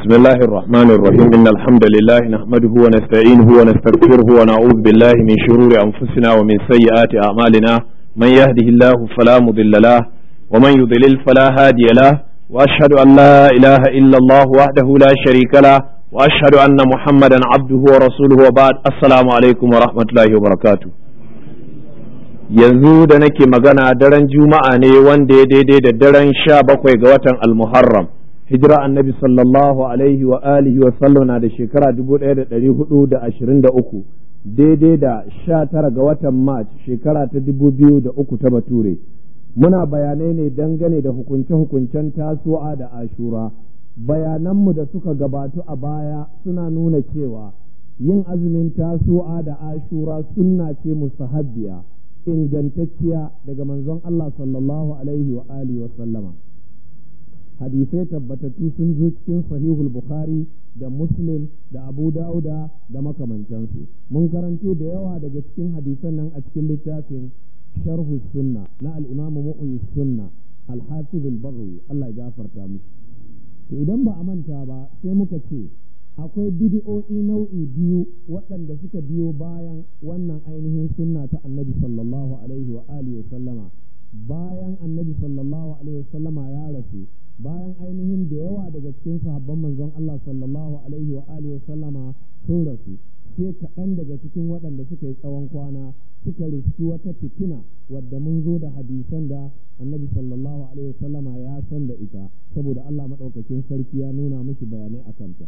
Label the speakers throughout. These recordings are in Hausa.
Speaker 1: بسم الله الرحمن الرحيم إن الحمد لله نحمده ونستعينه ونستغفره ونعوذ بالله من شرور أنفسنا ومن سيئات أعمالنا من يهده الله فلا مضل له ومن يضلل فلا هادي له وأشهد أن لا إله إلا الله وحده لا شريك له وأشهد أن محمدا عبده ورسوله وبعد السلام عليكم ورحمة الله وبركاته yanzu da nake magana daren juma'a ne wanda ya daidai da daren sha bakwai ga watan al-muharram hijira annabi sallallahu alaihi wa alihi wa sallam na da shekara 1423 daidai da 19 ga watan march shekara ta 2003 ta bature muna bayanai ne dangane da hukunce-hukuncen tasu'a da ashura bayananmu da suka gabatu a baya suna nuna cewa yin azumin tasu'a da ashura sunna ce musahabbiya ingantacciya daga manzon Allah sallallahu alaihi wa alihi wa sallama hadisai tabbatattu sun zo cikin sahihul bukhari da muslim da abu dauda da makamantansu mun karanto da yawa daga cikin hadisan nan a cikin littafin sharhu sunna na al-imam mu'in sunna al Allah ya gafarta mu to idan ba a manta ba sai muka ce akwai bid'o'i nau'i biyu waɗanda suka biyo bayan wannan ainihin sunna ta annabi sallallahu alaihi wa alihi wa sallama bayan annabi sallallahu alaihi wasallama ya rasu bayan ainihin da yawa daga cikin sahabban manzon Allah sallallahu alaihi wa alihi wasallama sun rasu sai kaɗan daga cikin waɗanda suka yi tsawon kwana suka rufi wata fitina wadda mun zo da hadisan da annabi sallallahu alaihi wasallama ya san da ita saboda Allah madaukakin sarki ya nuna miki bayanai a kanta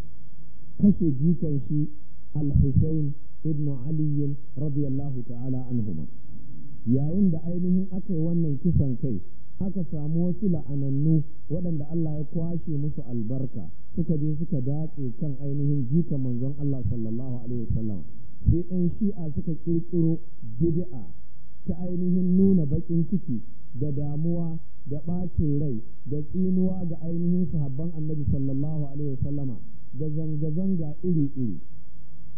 Speaker 1: kashe jikan shi al-Husayn ibn Ali radiyallahu ta'ala anhuma yayin da ainihin aka yi wannan kisan kai aka samu wasu la'anannu waɗanda Allah ya kwashe musu albarka suka je suka datse kan ainihin jika manzon Allah sallallahu alaihi wasallam sai ɗan shi'a suka kirkiro bid'a ta ainihin nuna baƙin ciki da damuwa da ɓacin rai da tsinuwa ga ainihin sahabban annabi sallallahu alaihi wasallama da zanga-zanga iri-iri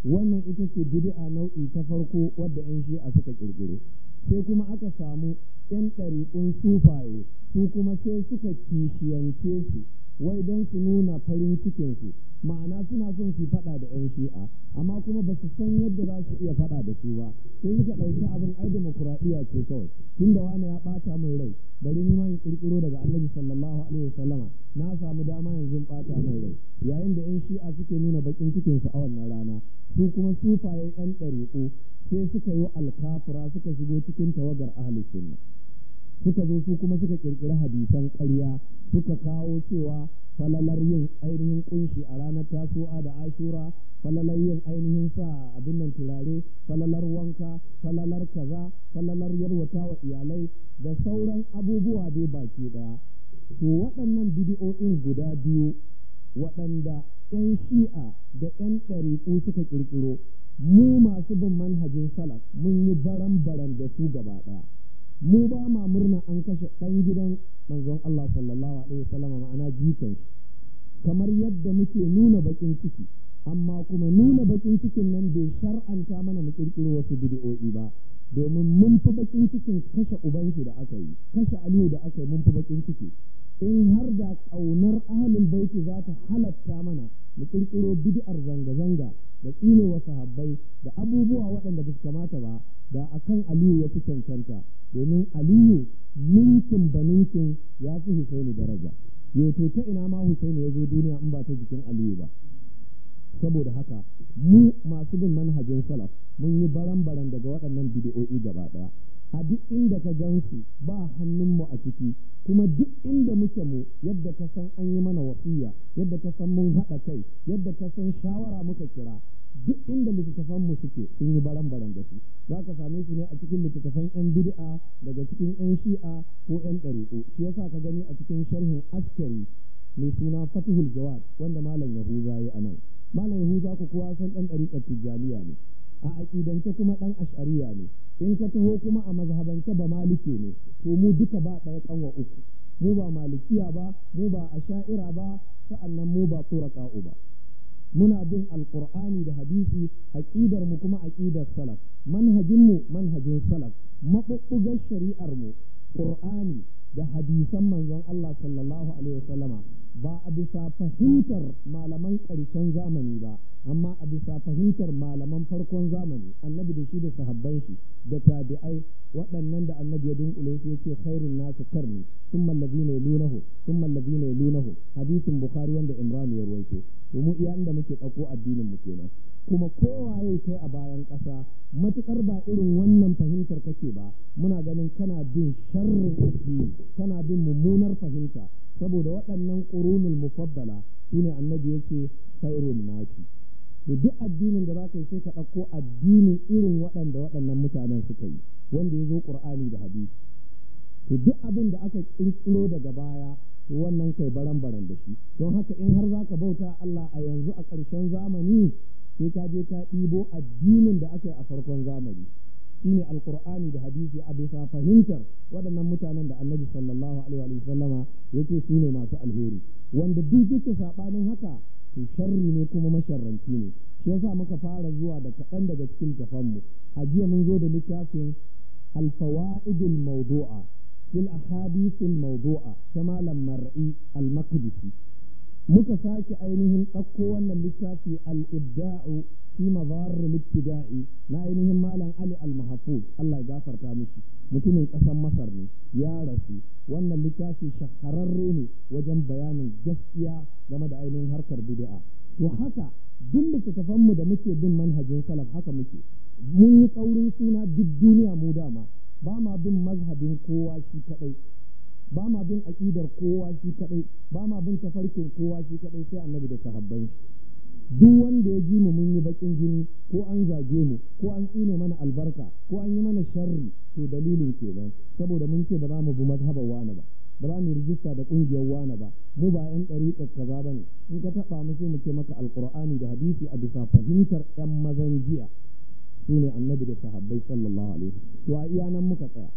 Speaker 1: wannan ita ce bid'a nau'i ta farko wadda 'yan shi'a suka kirkiro sai kuma aka samu ‘yan ɗariƙun sufaye su kuma sai suka kishiyance su wai don su nuna farin cikinsu ma'ana suna son su faɗa da 'yan shi'a amma kuma ba su san yadda za su iya faɗa da su ba sai suka ɗauki abin ai demokuraɗiyya ce kawai tunda wani ya ɓata min rai bari ni ma in ƙirƙiro daga annabi sallallahu alaihi wasallama na samu dama yanzu in ɓata min rai yayin da 'yan shi'a suke nuna baƙin cikinsu a wannan rana su kuma sufaye 'yan ɗariƙo sai suka yi alkafura suka shigo cikin tawagar ahli sunna suka zo su kuma suka kirkiri hadisan ƙarya suka kawo cewa falalar yin ainihin ƙunshi a ranar tasowa da ashura falalar yin ainihin sa abin nan turare falalar wanka falalar kaza falalar yarwata wa iyalai da sauran abubuwa dai baki daya to waɗannan bidiyo'in guda biyu waɗanda ƴan shi'a da ƴan ɗariƙu suka ƙirƙiro mu masu bin manhajin salaf mun yi baran-baran da su gaba ɗaya mu ba ma murna an kashe ɗan gidan manzon Allah sallallahu alaihi wasallam ma'ana jikan kamar yadda muke nuna bakin ciki amma kuma nuna bakin cikin nan bai shar'anta mana mu kirkiro wasu bid'o'i ba domin mun fi bakin cikin kashe uban da aka yi kashe aliyu da aka yi mun fi bakin ciki in har da ƙaunar ahalin baiti za ta halatta mana mu ƙirƙiro bid'ar zanga-zanga da tsine wasu sahabbai da abubuwa waɗanda ba su kamata ba da akan aliyu ya fi cancanta domin aliyu ninkin ba ninkin ya fi husaini daraja yato ta ina ma husaini ya zo duniya in ba ta jikin aliyu ba saboda haka mu masu bin manhajin salaf mun yi baran-baran daga waɗannan bidi'o'i gaba ɗaya a duk inda ka gan su ba hannunmu a ciki kuma duk inda muke mu yadda ka san an yi mana wasiya yadda ka san mun haɗa kai yadda ka san shawara muka kira duk inda littattafan mu suke sun yi baran baran da su za ka same su ne a cikin littattafan yan bid'a daga cikin yan shi'a ko yan ɗariƙo shi sa ka gani a cikin sharhin askari mai suna fatihul jawad wanda malam yahuza ya nan malam yahuza ku kowa san ɗan ɗariƙar tijjaniya ne a aƙidance kuma ɗan ash'ariya ne in ka taho kuma a mazhabance ba maliki ne to mu duka ba ɗaya kanwa uku mu ba malikiya ba mu ba asha'ira ba sa'annan mu ba turaka'u ba muna bin alqur'ani da hadisi aqidar mu kuma aqidar salaf manhajin mu manhajin salaf mabubbugar shari'ar mu qur'ani da hadisan manzon Allah sallallahu alaihi wasallama ba a bisa fahimtar malaman ƙarshen zamani ba amma a bisa fahimtar malaman farkon zamani annabi da shi da sahabban shi da tabi'ai waɗannan da annabi ya dunkule su yake khairun nasu karni thumma allazina yalunahu thumma allazina yalunahu hadisin bukhari wanda imran ya ruwaito to mu iya inda muke ɗauko addinin mu kenan kuma kowaye kai a bayan ƙasa matuƙar ba irin wannan fahimtar kake ba muna ganin kana bin sharrin addini kana bin mummunar fahimta saboda waɗannan ƙurunul mufaddala ne annabi ce sairun naki to duk addinin da za ka yi sai ka ɗauko addini irin waɗanda waɗannan mutanen suka yi wanda ya zo ƙur'ani da hadisi to duk abin da aka ƙirƙiro daga baya to wannan kai baran baran da shi don haka in har za ka bauta Allah a yanzu a ƙarshen zamani sai ka je ka ɗibo addinin da aka yi a farkon zamani ne alkur'ani da hadisi a bisa fahimtar waɗannan mutanen da annabi sallallahu alaihi wa sallama yake su ne masu alheri wanda duk yake saɓanin haka to sharri ne kuma masharranci ne shi yasa muka fara zuwa da kaɗan daga cikin kafanmu a jiya mun zo da littafin alfawa'idul mawdu'a fil ahadithil mawdu'a ta malam mar'i al-maqdisi muka sake ainihin ɗauko wannan littafi al-ibda'u fi mazar al-ibtida'i na ainihin malam Ali al-Mahfuz Allah ya gafarta miki mutumin ƙasar Masar ne ya rasu wannan littafi shahararre ne wajen bayanin gaskiya game da ainihin harkar bid'a to haka duk littattafan mu da muke bin manhajin salaf haka muke mun yi tsaurin suna duk duniya mu dama ba ma bin mazhabin kowa shi kaɗai. ba ma bin aƙidar kowa shi kaɗai ba ma bin tafarkin kowa shi kaɗai sai annabi da sahabbai duk wanda ya ji mu mun yi baƙin jini ko an zage mu ko an tsine mana albarka ko an yi mana sharri to dalilin kenan saboda mun ce ba za mu bi mazhabar wani ba ba za mu rijista da ƙungiyar wani ba mu ba yan ɗariƙar kaza ba ne in ka taɓa mu sai mu ce maka alƙur'ani da hadisi a bisa fahimtar yan mazan jiya su ne annabi da sahabbai sallallahu alaihi to a iya nan muka tsaya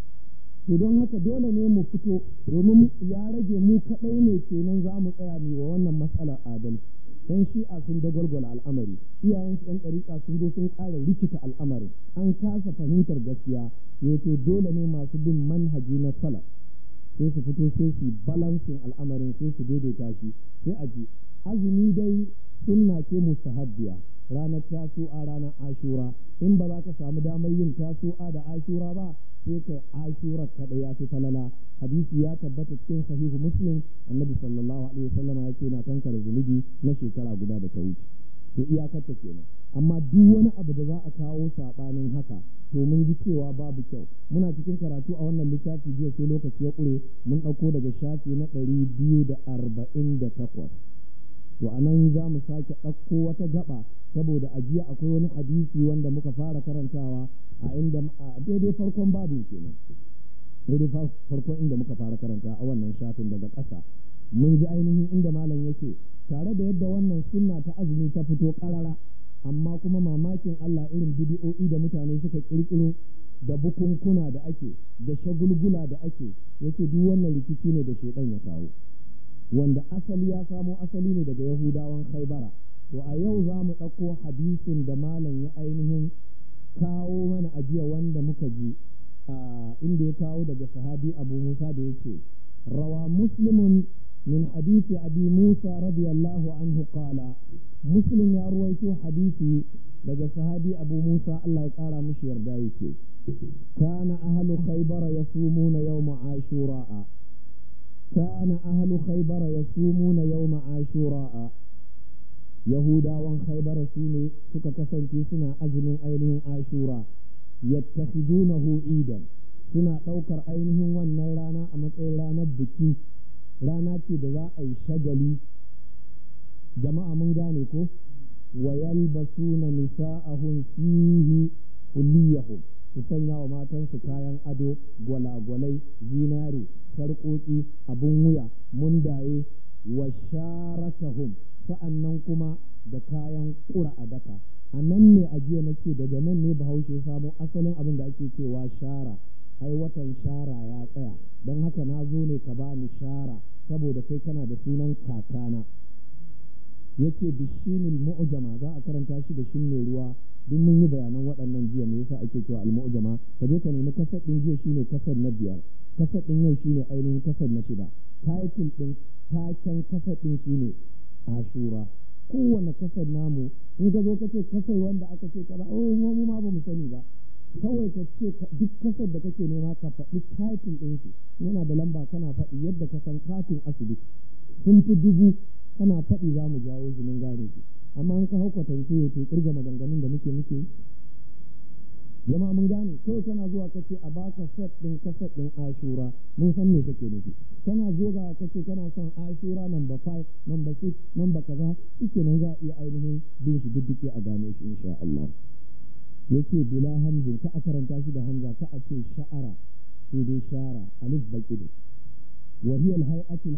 Speaker 1: to don haka dole ne mu fito domin ya rage mu kaɗai ne kenan za mu tsaya mu wa wannan matsalar adalci yan shi'a sun dagwalgwala al'amari iyayen su yan ɗariƙa sun zo sun ƙara rikita al'amarin an kasa fahimtar gaskiya ya ce dole ne masu bin manhaji na salaf sai su fito sai su balansin al'amarin sai su daidaita shi sai a ji azumi dai sunna ce mustahabbiya ranar tasu'a ranar ashura in ba za ka samu damar yin tasu'a da ashura ba sai kai ashura kaɗai ya fi falala hadisi ya tabbata cikin sahihu muslim annabi sallallahu alaihi wasallam ya ce na tankar zunubi na shekara guda da ta wuce to iyakar ta kenan amma duk wani abu da za a kawo saɓanin haka to mun ji cewa babu kyau muna cikin karatu a wannan littafi jiya sai lokaci ya ƙure mun ɗauko daga shafi na ɗari biyu da arba'in da takwas to a nan za mu sake ɗauko wata gaɓa. saboda a jiya akwai wani hadisi wanda muka fara karantawa a inda daidai farkon babin kenan daidai farkon inda muka fara karanta a wannan shafin daga ƙasa mun ji ainihin inda malam yake tare da yadda wannan sunna ta azumi ta fito ƙarara amma kuma mamakin Allah irin bidiyo'i da mutane suka ƙirƙiro da bukunkuna da ake da shagulgula da ake yake duk wannan rikici ne da shedan ya kawo wanda asali ya samo asali ne daga yahudawan khaibara to a yau za mu ɗauko hadisin da malam ya ainihin kawo mana ajiya wanda muka ji inda ya kawo daga sahabi abu musa da yake rawa muslimun min hadisi abi musa radiyallahu anhu qala muslim ya ruwaito hadisi daga sahabi abu musa allah ya kara mishi yarda yake kana ahlu khaybar yasumuna yawma ashura kana ahlu khaybar yasumuna yawma ashura yahudawan haibara su ne suka kasance suna azumin ainihin ashura yattakhidunahu idan suna ɗaukar ainihin wannan rana a matsayin ranar biki rana ce da za a yi shagali jama'a mun gane ko wa yalbasuna nisa'ahum fihi kulliyahum su sanya wa matansu kayan ado gwalagwalai zinare sarƙoƙi abun wuya mundaye wa sharatahum sa'an nan kuma da kayan ƙura a daka a nan ne a jiya ce daga nan ne bahaushe samo asalin abin da ake cewa shara ai watan shara ya tsaya don haka na zo ne ka ba ni shara saboda kai kana da sunan kakana yace bishinil mu'jama za a karanta shi da shin mai ruwa duk mun yi bayanan waɗannan jiya me yasa ake cewa al mu'jama ka je ka nemi kasar ɗin jiya shine kasar na biyar kasar ɗin yau shine ainihin kasar na shida title ɗin taken kasar ɗin shine ashura kowane kasar namu in ka zo ka ce kasar wanda aka ce kaza oh mu ma ba mu sani ba kawai ka ce duk kasar da kake nema ka faɗi katin ɗin shi yana da lamba kana faɗi yadda ka san katin asibiti sun fi dubu kana faɗi za mu jawo jinin gane shi amma in ka hau kwatance ya kirga maganganun da muke muke zama mun gane kawai kana zuwa kace a baka set din kaset din ashura mun san me kake nufi kana zoga kace kana son ashura number 5 number 6 number kaza yake nan za a iya ainihin bin shi diddike a gane shi insha Allah yake bila hamzin ka a karanta shi da hamza ka a ce sha'ara sai dai shara alif baqid wa hiya al-hay'atu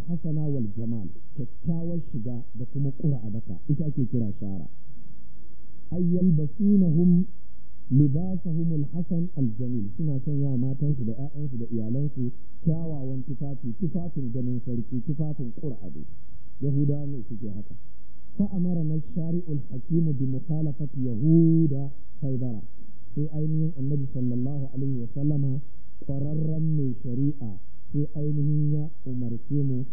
Speaker 1: wal jamal kyakkyawar shiga da kuma qura'a baka ita ake kira shara ayyal basunahum libasahum alhasan aljamil suna sanya matansu da ƴaƴansu da iyalansu kyawawan tufafi tufafin ganin sarki tufafin qur'ani yahuda ne suke haka fa mara na shari'ul hakim bi yahuda khaybara sai ainihin annabi sallallahu alaihi wa sallama ƙwararren mai shari'a sai ainihin ya umarce mu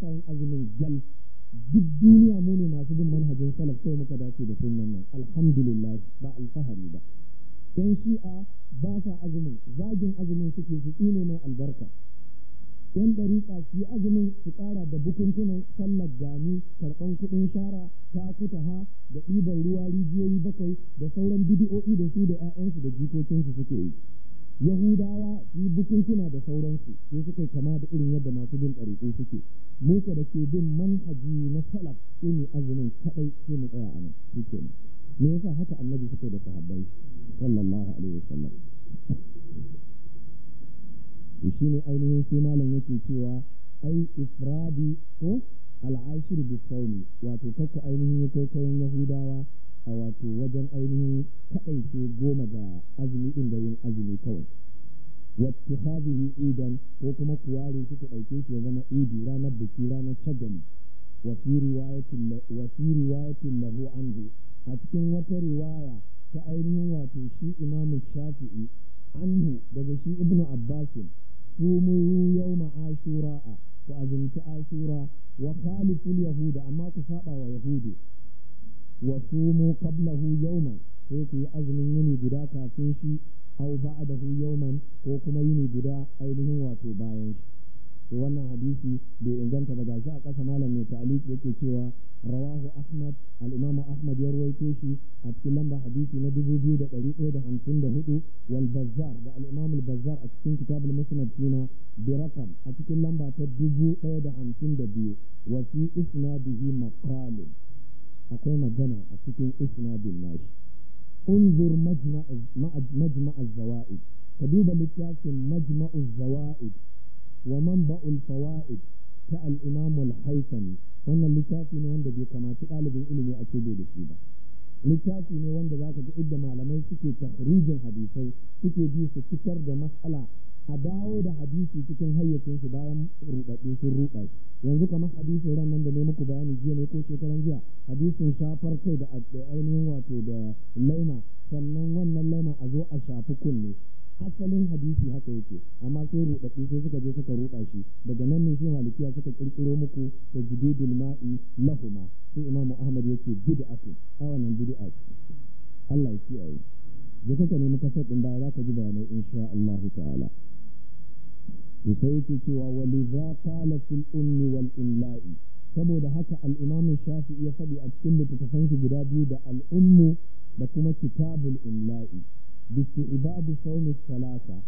Speaker 1: ba yin azumin jal duk duniya mu ne masu bin manhajin salaf sai muka dace da sunan nan alhamdulillah ba alfahari ba yan shi'a ba sa azumin zagin azumin suke su tsine mai albarka yan ɗariƙa su azumin su ƙara da bukuntunan sallar gani karɓan kuɗin shara ta kuta ha da ɗiban ruwa rijiyoyi bakwai da sauran bidi'o'i da su da 'ya'yansu da jikokinsu suke yi yahudawa su bukunkuna da sauransu sai suka yi kama da irin yadda masu bin ɗariƙo suke mu da ke bin manhaji na salaf ini azumin kaɗai sai mu tsaya a nan shi ke me yasa haka annabi suka da sahabbai sallallahu alaihi wasallam to shi ne ainihin sai malam yake cewa ai ifradi ko al'ashir bi wato kakku ainihin ya kayan yahudawa a wato wajen ainihin kaɗaice goma ga azumi ɗin da yin azumi kawai wacce hazihi idan ko kuma kuwari su ku ɗauke shi ya zama idi ranar biki ranar shagali wafi riwayatin lahu zo a cikin wata riwaya ta ainihin wato shi imamu shafi'i anhu daga shi ibnu abbasin su yau ashura a ku azumci ashura wa khaliful yahuda amma ku saba wa yahudi wa sumu qablahu yawman sai ku yi azumin yini guda kafin shi hau au ba'dahu yawman ko kuma yini guda ainihin wato bayan shi to wannan hadisi bai inganta ba gashi a ƙasa malam mai ta'aliki yake cewa rawahu ahmad al-imamu ahmad ya ruwaito shi a cikin lamba hadisi na dubu biyu da wal bazzar da da al-imam al-bazzar a cikin kitab al-musnad suna a cikin lamba ta dubu da 1052 wa fi isnadihi maqalun akwai magana a cikin isnadin nashi unzur majma' zawaid ka duba littafin majma' zawaid wa manba'ul fawaid ta al-imam al-haythami wannan littafi ne wanda bai kamaci ɗalibin ilimi a ce bai da shi ba littafi ne wanda zaka ga inda malamai suke tahrijin hadisai suke bi su fitar da mas'ala a dawo da hadisi cikin hayyacin shi bayan rudaddu sun ruda yanzu kamar hadisin ran nan da ne muku bayani jiya ne ko shekaran jiya hadisin shafar kai da ainihin wato da laima sannan wannan laima a zo a shafi kunne asalin hadisi haka yake amma sai rudaɗe sai suka je suka ruɗa shi daga nan ne sai malikiya suka kirkiro muku da jididul ma'i lahuma sai imamu ahmad yake bid'atu a wannan ake Allah ya kiyaye da kaka ne muka ɗin baya za ka ji bayanai insha Allah ta'ala sai yake cewa waliza kala fil ummi wal imla'i saboda haka al-imam shafi'i ya faɗi a cikin littattafan shi guda biyu da al-ummu da kuma kitabul imla'i bisti ibadu sawmi salasa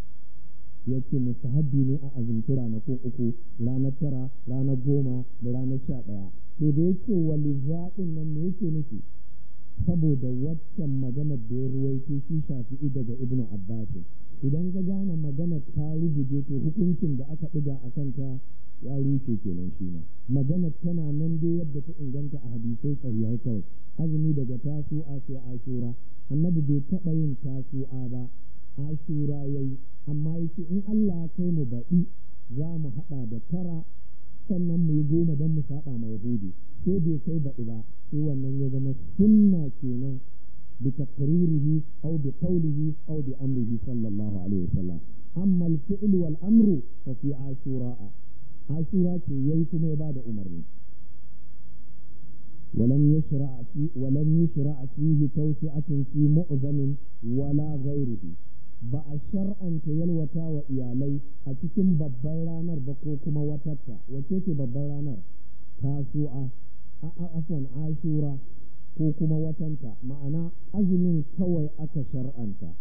Speaker 1: yace mustahabbi ne a azumci ranakun uku ranar tara ranar goma da ranar sha ɗaya to da yake waliza ɗin nan ne yake nufi saboda waccan maganar da ya ruwaito shi shafi'i daga ibnu abbasin idan ka gane magana ta ruguje to hukuncin da aka ɗiga a kanta ya rushe kenan shi ne magana tana nan dai yadda ta inganta a hadisai sahihai kawai azumi daga tasu'a sai ashura annabi bai taɓa yin tasu'a ba ashura yayi amma yace in Allah ya kai mu baɗi za mu haɗa da tara sannan mu yi goma don mu saɓa ma yahudi sai bai kai baɗi ba sai wannan ya zama sunna kenan بتقريره أو بقوله أو بأمره صلى الله عليه وسلم أما الفعل والأمر ففي عاشوراء عاشوراء ينكم عباد أمر ولم يشرع في ولم يشرع فيه توسعة في مؤذن ولا غيره ba a shar'anta yalwata wa iyalai a cikin babban ranar ba ko kuma watatta wace ce babban ranar tasu'a a afon ashura ko kuma watanta ma'ana azumin kawai aka shar'anta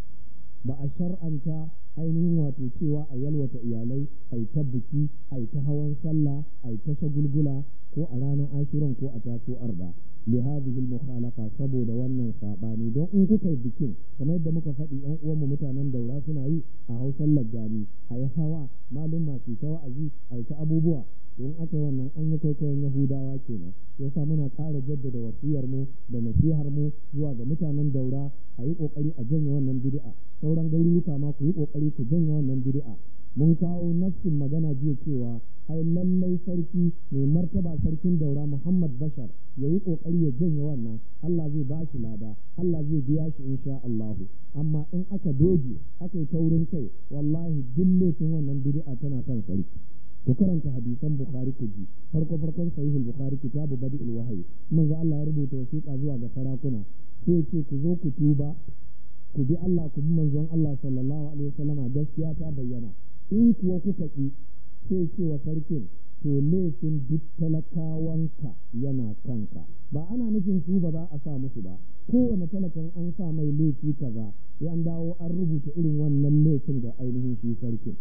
Speaker 1: ba a shar'anta ainihin wato cewa a yalwata iyalai a ta biki a ta hawan sallah a ta shagulgula ko a ranar ashirin ko a taso arba li hadhihi al mukhalafa saboda wannan sabani don in kuka yi bikin kamar yadda muka faɗi yan uwan mu mutanen daura suna yi a hausan gani a yi hawa malum masu ta wa'azi a ta abubuwa in aka wannan an yi kwaikwayon yahudawa kenan ya sa muna ƙara jaddada wasiyar mu da nasihar mu zuwa ga mutanen daura a yi ƙoƙari a janye wannan bid'a sauran garuruka ma ku yi ƙoƙari ku janye wannan bid'a mun kawo nassin magana jiya cewa ai lallai sarki mai martaba sarkin daura Muhammad Bashar ya yi ƙoƙari ya janye wannan Allah zai ba shi lada Allah zai biya shi sha Allahu amma in aka doge aka yi taurin kai wallahi duk laifin wannan bid'a tana kan sarki ku karanta hadisan bukhari ku ji farko farkon sahihul bukhari kitabu badil wahyi manzo Allah ya rubuta wasiƙa zuwa ga sarakuna sai ce ku zo ku tuba ku bi Allah ku bi manzon Allah sallallahu alaihi wasallama gaskiya ta bayyana in kuwa kuka ki sai ce wa sarkin to laifin duk talakawanka yana kanka ba ana nufin su ba za a sa musu ba kowane talakan an sa mai laifi kaza sai an dawo an rubuta irin wannan laifin ga ainihin shi sarkin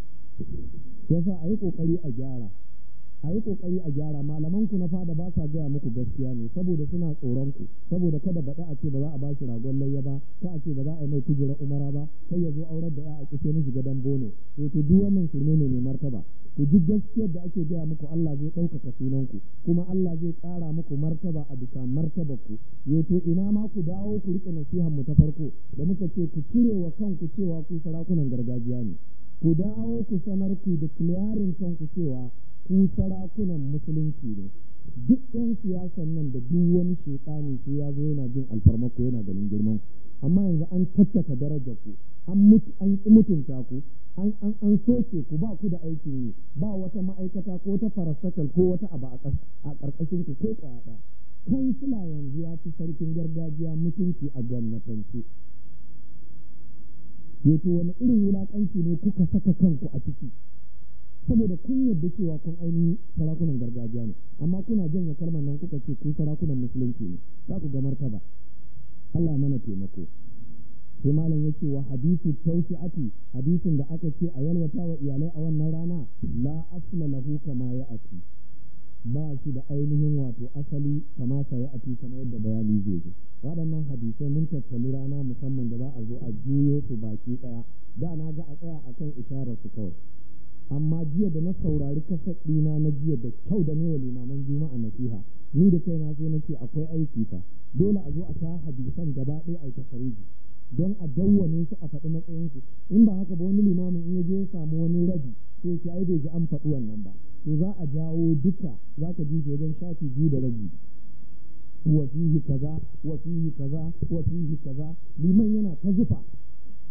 Speaker 1: yasa a yi kokari a gyara a yi kokari a gyara malaman ku na fada ba sa gaya muku gaskiya ne saboda suna tsoronku saboda kada baɗa a ce ba za a ba shi ragon layya ba ta a ce ba za a yi mai kujerar umara ba kai ya zo aurar da ya a kishe mishi gadon bono to eh, to duk wannan shirme ne mai martaba ku ji gaskiyar da ake gaya muku Allah zai ɗaukaka sunan ku kuma Allah zai ƙara muku martaba a bisa martaba ku eh, to ina ma ku dawo ku riƙe nasihan mu ta farko da muka ce ku cire wa kanku cewa ku sarakunan gargajiya ne ku dawo ku sanar ku da kiliyarin kanku cewa ku sarakunan musulunci ne duk yan siyasan nan da duk wani shekani su ya zo yana jin alfarmako yana ganin girman amma yanzu an tattaka darajar ku an mutu mutunta ku an soke ku ba ku da aikin yi ba wata ma'aikata ko ta farasakal ko wata abu a ƙarƙashin ku ko kwaya kansila yanzu ya fi sarkin gargajiya mutunci a gwamnatance wato wani irin wulaƙanci ne kuka saka kanku a ciki saboda kun yarda cewa kun ainihin sarakunan gargajiya ne amma kuna janye kalmar nan kuka ce ku sarakunan musulunci ne za ku ga martaba Allah mana taimako sai malam ya ce wa tausi tawsi'ati hadisin da aka ce a yalwata wa iyalai a wannan rana la asla lahu kama ya'ati ba shi da ainihin wato asali kama sai a kamar yadda bayani zai zo waɗannan hadisai mun tattali rana musamman da za a zo a juyo su baki ɗaya da na ga a tsaya a kan isharar su kawai amma jiya da na saurari kasar ɗina na jiya da kyau da ne wa limaman juma'a nasiha ni da kai na sai nake akwai aiki fa dole a zo a sa hadisan gaba ɗaya a yi tafariji don a dawwane su a faɗi matsayinsu in ba haka ba wani limamin in ya je ya samu wani rabi sai ya ce ai bai ji an faɗi wannan ba to za a jawo duka za ka ji wajen shafi biyu da rabi wa kaza wa kaza wa kaza liman yana ta zufa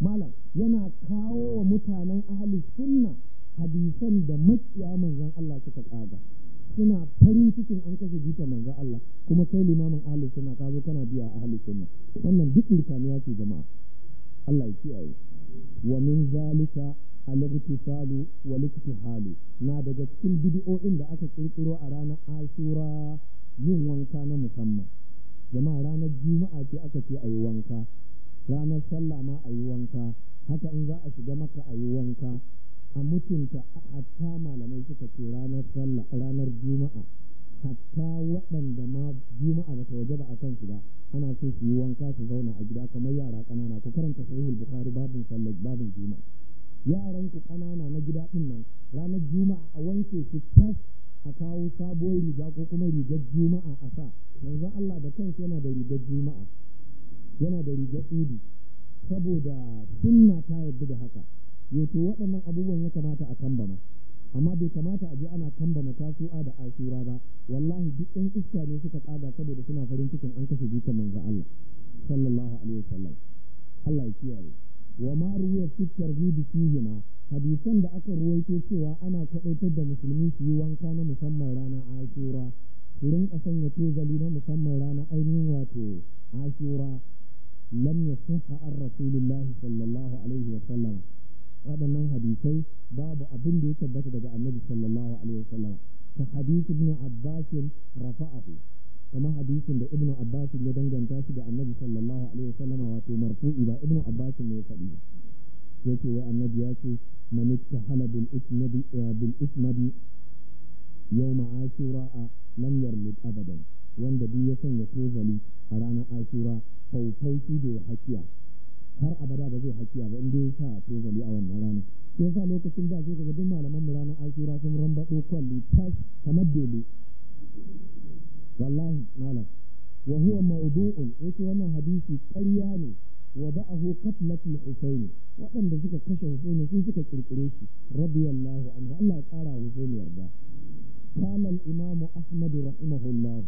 Speaker 1: malam yana kawo wa mutanen ahli sunna hadisan da makiya manzon Allah suka tsada suna farin cikin an kashe jita manzon Allah kuma kai limamin ahli suna kazo kana biya ahli sunna wannan duk ya ce jama'a Allah ya kiyaye wa min zalika al-irtisalu wal iktihalu na daga cikin bid'o'in da aka kirkiro a ranar Ashura yin wanka na musamman jama'a ranar Juma'a ce aka ce ayi wanka ranar sallah ma ayi wanka haka in za a shiga maka ayi wanka a mutunta hatta malamai suka ce ranar sallah ranar Juma'a wa ba'ahu qatlat al-husayn waɗanda suka kashe husayn sun suka kirkire shi radiyallahu anhu Allah ya kara husayn yarda قال الإمام أحمد رحمه الله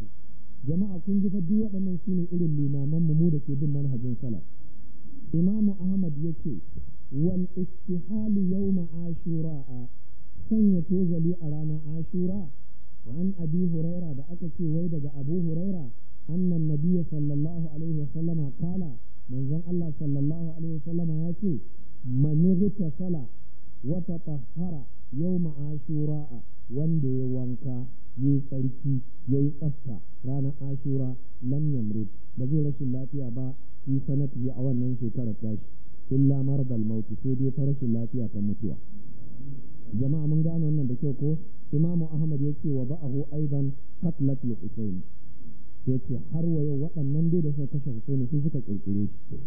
Speaker 1: jama'a kun ji fa waɗannan su irin limaman mu mu da ke bin manhajin salaf imamu ahmad ya ce wal istihalu yawma a sanya cozali a ranar ashura an abi huraira da aka ce wai daga abu huraira annan nabiyya sallallahu alaihi wa sallama qala manzon Allah sallallahu alaihi wasallam ya ce man sala wa tatahhara yawma ashura wanda ya wanka ya tsarki ya yi tsafta ranar ashura lam yamrid ba zai rashin lafiya ba shi sanati a wannan shekarar tashi illa marbal maut sai dai ta rashin lafiya ta mutuwa jama'a mun gane wannan da kyau ko imamu ahmad ya ce wa ba'ahu aidan qatlat hussein. ya ce har wa yau waɗannan dai da suka kashe Husaini su suka ƙirƙire shi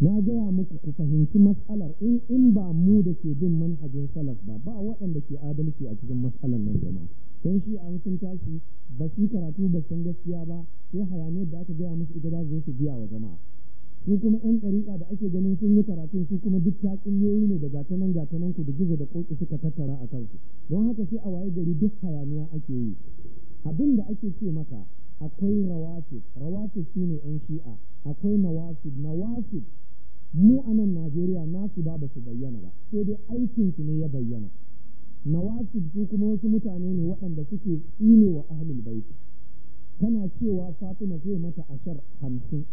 Speaker 1: na gaya muku ku fahimci matsalar in in ba mu da ke bin manhajin salaf ba ba waɗanda ke adalci a cikin matsalar nan jama'a dan shi an sun tashi ba su karatu ba san gaskiya ba sai hayaniyar da aka gaya musu ita za su biya wa jama'a su kuma yan ɗariƙa da ake ganin sun yi karatun su kuma duk ta tatsuniyoyi ne da gatanan gatanan ku da gizo da ƙoƙi suka tattara a kansu don haka sai a waye gari duk hayaniya ake yi abin da ake ce maka akwai rawatib rawatib shine yan shi'a akwai nawasib nawasib mu a nan Najeriya nasu ba su bayyana ba sai dai aikin su ne ya bayyana nawasib su kuma wasu mutane ne waɗanda suke tsine wa ahlul baiti kana cewa Fatima zai mata ashar hamsin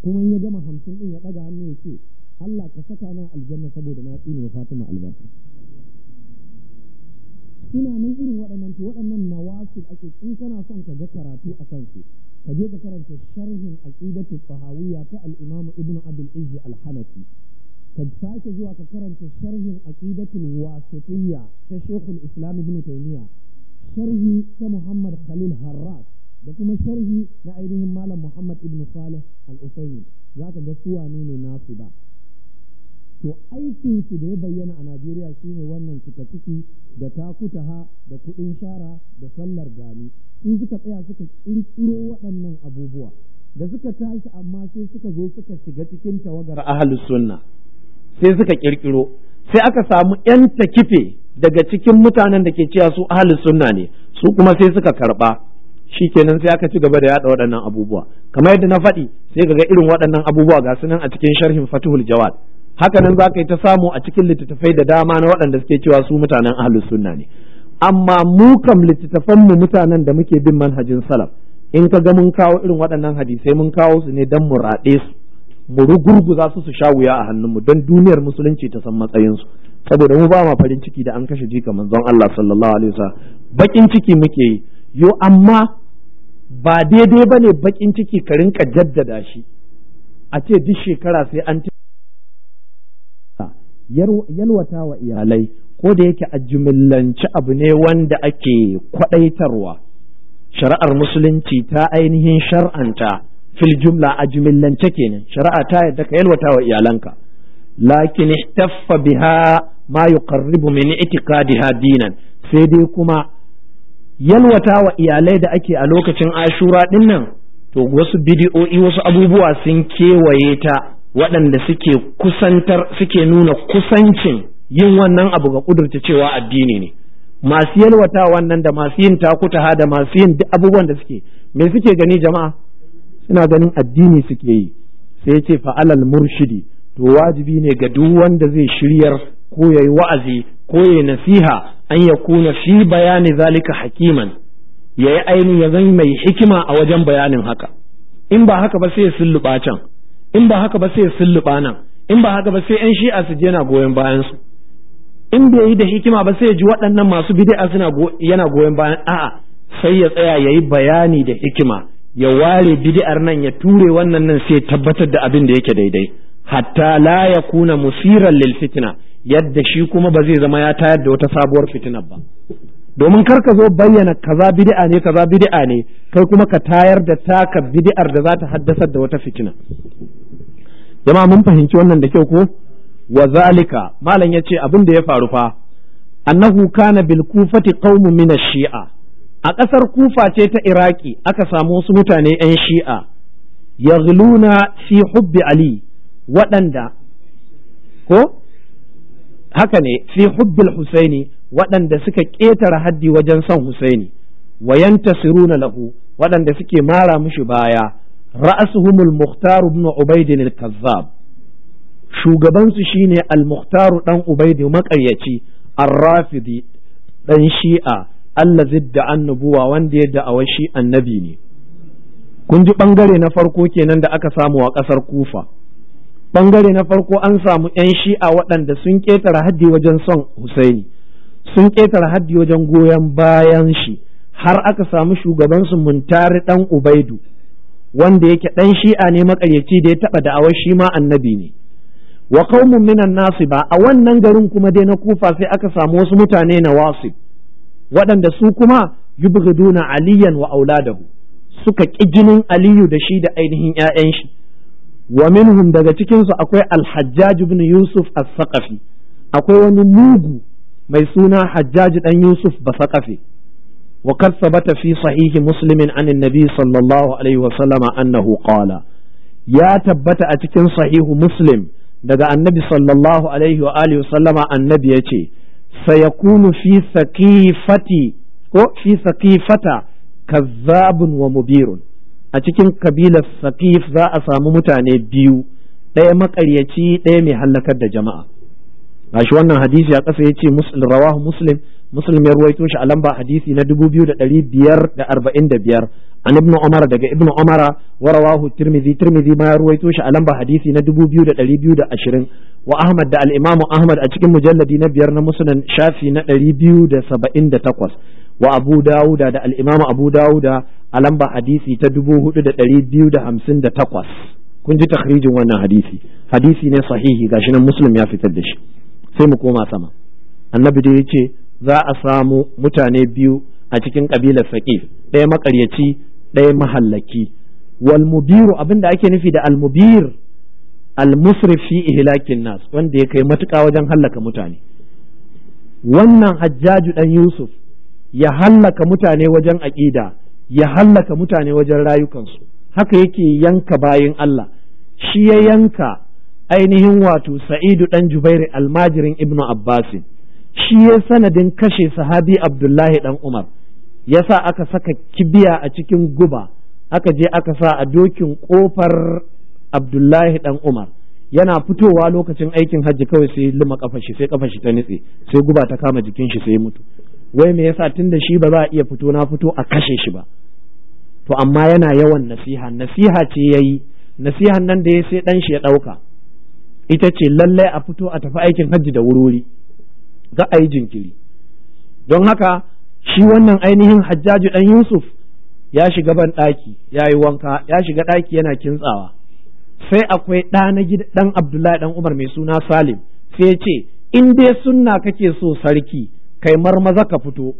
Speaker 1: kuma ya gama hamsin din ya ɗaga hannu ya ce Allah ka saka na aljanna saboda na tsine wa Fatima albarka suna nan irin waɗannan to waɗannan nawasil ake in kana son ka ga karatu a kansu ka je ka karanta sharhin aqidatu sahawiyya ta al-imam ibn abdul izz al-hanafi ka sake zuwa ka karanta sharhin aqidatul wasitiyya ta shekul islam ibn taymiya sharhi ta muhammad khalil harras da kuma sharhi na ainihin malam muhammad ibn salih al za zaka ga suwa ne ne nasu ba to aikin su da ya bayyana a Najeriya shine wannan cika ciki da takutaha da kuɗin shara da sallar gani su suka tsaya suka ƙirƙiro waɗannan abubuwa da suka tashi amma sai suka zo suka shiga cikin tawagar ahlus sunna sai suka kirkiro sai aka samu yan kife daga cikin mutanen da ke cewa su ahlus sunna ne su kuma sai suka karɓa shi kenan sai aka ci gaba da yada waɗannan abubuwa kamar yadda na faɗi sai ga irin waɗannan abubuwa ga sunan a cikin sharhin fatuhul jawad hakanan za ka yi ta samu a cikin littattafai da dama na waɗanda suke cewa su mutanen ahlus sunna ne amma mu kam littattafan mu mutanen da muke bin manhajin salaf in ka ga mun kawo irin waɗannan hadisai mun kawo su ne don mu raɗe su mu rugurguza su su sha wuya a hannun mu don duniyar musulunci ta san matsayin su saboda mu ba ma farin ciki da an kashe jika manzon Allah sallallahu alaihi wasallam bakin ciki muke yi yo amma ba daidai bane bakin ciki ka rinka jaddada shi a ce duk shekara sai an yalwata wa iyalai ko da yake a jimillanci abu ne wanda ake kwaɗaitarwa shari'ar musulunci ta ainihin shar'anta fil jumla a jimillance kenan shari'a ta yadda ka yalwata wa iyalanka lakin ihtaffa biha ma yuqarribu min itiqadiha dinan sai dai kuma yalwata wa iyalai da ake a lokacin ashura dinnan to wasu bidi'o'i wasu abubuwa sun kewaye ta waɗanda suke kusantar suke nuna kusancin yin wannan abu ga ƙudurta cewa addini ne masu yalwata wannan da masu yin takutaha da masu yin duk abubuwan da suke me suke gani jama'a suna ganin addini suke yi sai ya ce fa'alal murshidi to wajibi ne ga duk wanda zai shiryar ko yayi wa'azi ko yayi nasiha an ya kuna fi bayani zalika hakiman yayi ainihin ya zan mai hikima a wajen bayanin haka in ba haka ba sai ya sulluɓa can in ba haka ba sai sulluɓa nan in ba haka ba sai yan shi'a su je na goyon bayan su in bai yi da hikima ba sai ji waɗannan masu bid'a suna yana goyon bayan a'a sai ya tsaya ya yi bayani da hikima ya ware bid'ar nan ya ture wannan nan sai tabbatar da abin da yake daidai hatta la yakuna musiran lil fitna yadda shi kuma ba zai zama ya tayar da wata sabuwar fitinar ba domin kar ka zo bayyana kaza bid'a ne kaza bid'a ne kai kuma ka tayar da taka bid'ar da za ta haddasar da wata fitina jama'a mun fahimci wannan da kyau ko wa zalika malam yace abin da ya faru fa annahu kana bil kufati qaumun min shia a ƙasar kufa ce ta iraki aka samu wasu mutane 'yan shi'a yaghluna fi hubbi ali waɗanda ko haka ne fi hubbil husaini waɗanda suka ƙetare haddi wajen son husaini wa yantasiruna lahu waɗanda suke mara mushi baya رأسهم المختار بن عبيد الكذاب shugaban su shine al-mukhtaru dan ubaidi makaryaci ar-rafidi dan shi'a allazi da Annabuwa, wanda ya awa shi annabi ne kun ji bangare na farko kenan da aka samu a ƙasar kufa bangare na farko an samu 'yan shi'a waɗanda sun ƙetare haddi wajen son husaini sun ƙetare haddi wajen goyon bayan shi har aka samu shugabansu muntari ɗan ubaidu wanda yake ɗan shi'a ne makaryaci da ya taba da'awar shi ma annabi ne wa qaumun minan nasi ba a wannan garin kuma dai na kufa sai aka samu wasu mutane na wasif waɗanda su kuma yubghiduna aliyan wa auladahu suka ƙi jinin aliyu da shi da ainihin 'ya'yan shi wa minhum daga cikinsu akwai alhajjaj ibn yusuf as-saqafi akwai wani mugu mai suna hajjaj dan yusuf basaqafi وقد ثبت في صحيح مسلم عن النبي صلى الله a وسلم أنه قال يا تبت أتكن صحيح مسلم daga annabi sallallahu alaihi wa alihi sallama annabi ya saya kulu fi sakifata ko fi wa mubirun a cikin kabilar sakif za a samu mutane biyu ɗaya maƙaryaci ɗaya mai hallakar da jama'a gashi wannan hadisi a ƙasa ya ce rawahu muslim muslim ya ruwaito shi a lamba hadisi na 2545 an ibnu umar daga ibnu umara wa rawahu tirmidhi tirmidhi ma ya ruwaito shi a lamba hadisi na 2220 wa ahmad da al ahmad a cikin mujalladi na biyar na musnad shafi na 278 wa abu dawuda da al abu dauda a lamba hadisi ta 4258 kun ji takhrijin wannan hadisi hadisi ne sahihi gashi nan muslim ya fitar da shi sai mu koma sama annabi da ya ce za a samu mutane biyu a cikin kabilar saqif ɗaya maƙaryaci ɗaya mahallaki wal mubiru abinda ake nufi da al mubir al musrif fi ihlakin nas wanda ya kai matuƙa wajen hallaka mutane wannan hajjaju dan yusuf ya hallaka mutane wajen aƙida ya hallaka mutane wajen rayukansu haka yake yanka bayin Allah shi ya yanka ainihin wato sa'idu dan jubairu almajirin ibnu abbasin shi ya sanadin kashe sahabi abdullahi dan umar yasa aka saka kibiya a cikin guba aka je aka sa a dokin kofar abdullahi dan umar yana fitowa lokacin aikin hajji kawai sai luma kafar shi sai kafar ta nitse sai guba ta kama jikin shi sai mutu wai me yasa tunda shi ba za a iya fito na fito a kashe shi ba to amma yana yawan nasiha nasiha ce yayi nasihan nan da ya sai dan shi ya dauka ita ce lallai a fito a tafi aikin hajji da wurori za a yi jinkiri don haka shi wannan ainihin hajjaji ɗan yusuf ya shiga ban ɗaki ya yi wanka ya shiga ɗaki yana kintsawa sai akwai ɗa na gida ɗan abdullahi ɗan umar mai suna salim sai ya ce in dai sunna kake so sarki kai marmaza ka fito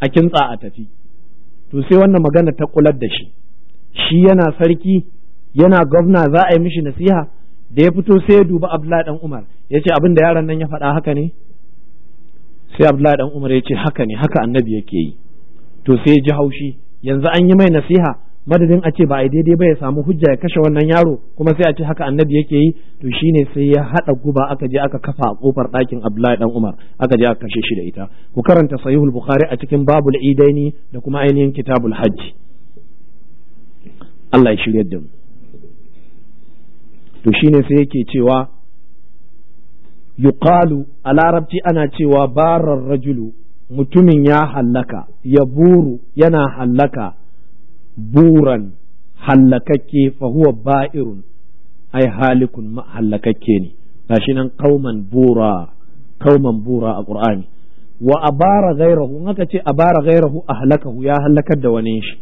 Speaker 1: a kintsa a tafi to sai wannan magana ta kular da shi shi yana sarki yana gwamna za a yi mishi nasiha da ya fito sai ya duba abdullahi ɗan umar ya ce abinda da yaron nan ya faɗa haka ne sai abdullahi dan umar ya ce haka ne haka annabi yake yi to sai ji haushi yanzu an yi mai nasiha madadin a ce ba a daidai ba ya samu hujja ya kashe wannan yaro kuma sai a ce haka annabi yake yi to shine sai ya haɗa guba aka je aka kafa a kofar ɗakin abdullahi dan umar aka je aka kashe shi da ita ku karanta sahihul bukhari a cikin babul idaini da kuma ainihin kitabul hajji Allah ya shirya da mu to shine sai yake cewa yuqalu a larabci ana cewa barar rajulu mutumin ya hallaka ya buru yana hallaka buran hallakakke fahuwa ba'irun ai halikun hallakakke ne shi nan kauman bura kauman bura a ƙur'ani. wa abara gairahu in aka ce abara gairahu ahlakahu ya halakar da wani shi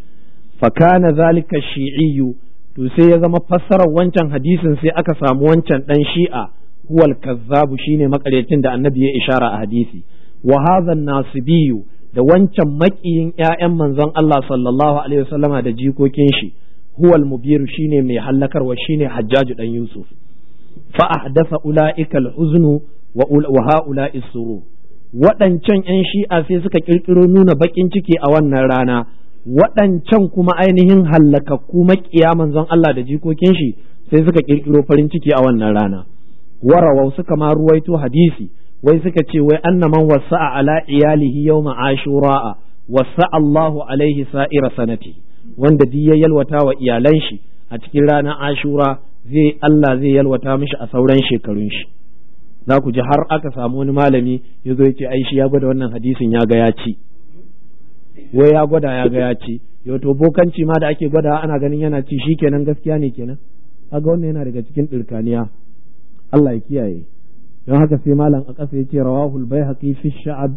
Speaker 1: fakana zalika shi'iyyu to sai ya zama fassarar wancan hadisin sai aka samu wancan dan shi'a huwal kazzabu shine makaryacin da annabi ya ishara a hadisi wa hadha nasibiyu da wancan makiyin ƴaƴan manzon Allah sallallahu alaihi da jikokin shi huwal mubiru shine mai hallakarwa shine hajjaju dan yusuf fa ahdasa ula'ikal huznu wa ha'ula'is suru waɗancan 'yan shi'a sai suka ƙirƙiro nuna baƙin ciki a wannan rana waɗancan kuma ainihin hallakakku maƙiya manzon Allah da jikokin shi sai suka ƙirƙiro farin ciki a wannan rana warawa suka ma ruwaito hadisi wai suka ce wai anna man wasa'a ala iyalihi yawma ashura'a wasa Allahu alaihi sa'ira sanati wanda duk ya yalwata wa iyalan shi a cikin ranar ashura zai Allah zai yalwata mishi a sauran shekarun shi za ku ji har aka samu wani malami ya zo yake ai shi ya gwada wannan hadisin ya ga ya ci wai ya gwada ya ga ya ci yau to bokanci ma da ake gwada ana ganin yana ci shikenan gaskiya ne kenan kaga wannan yana daga cikin dirkaniya Allah ya kiyaye don haka sai malam a ƙasa yace rawahul baihaqi fi sha'ab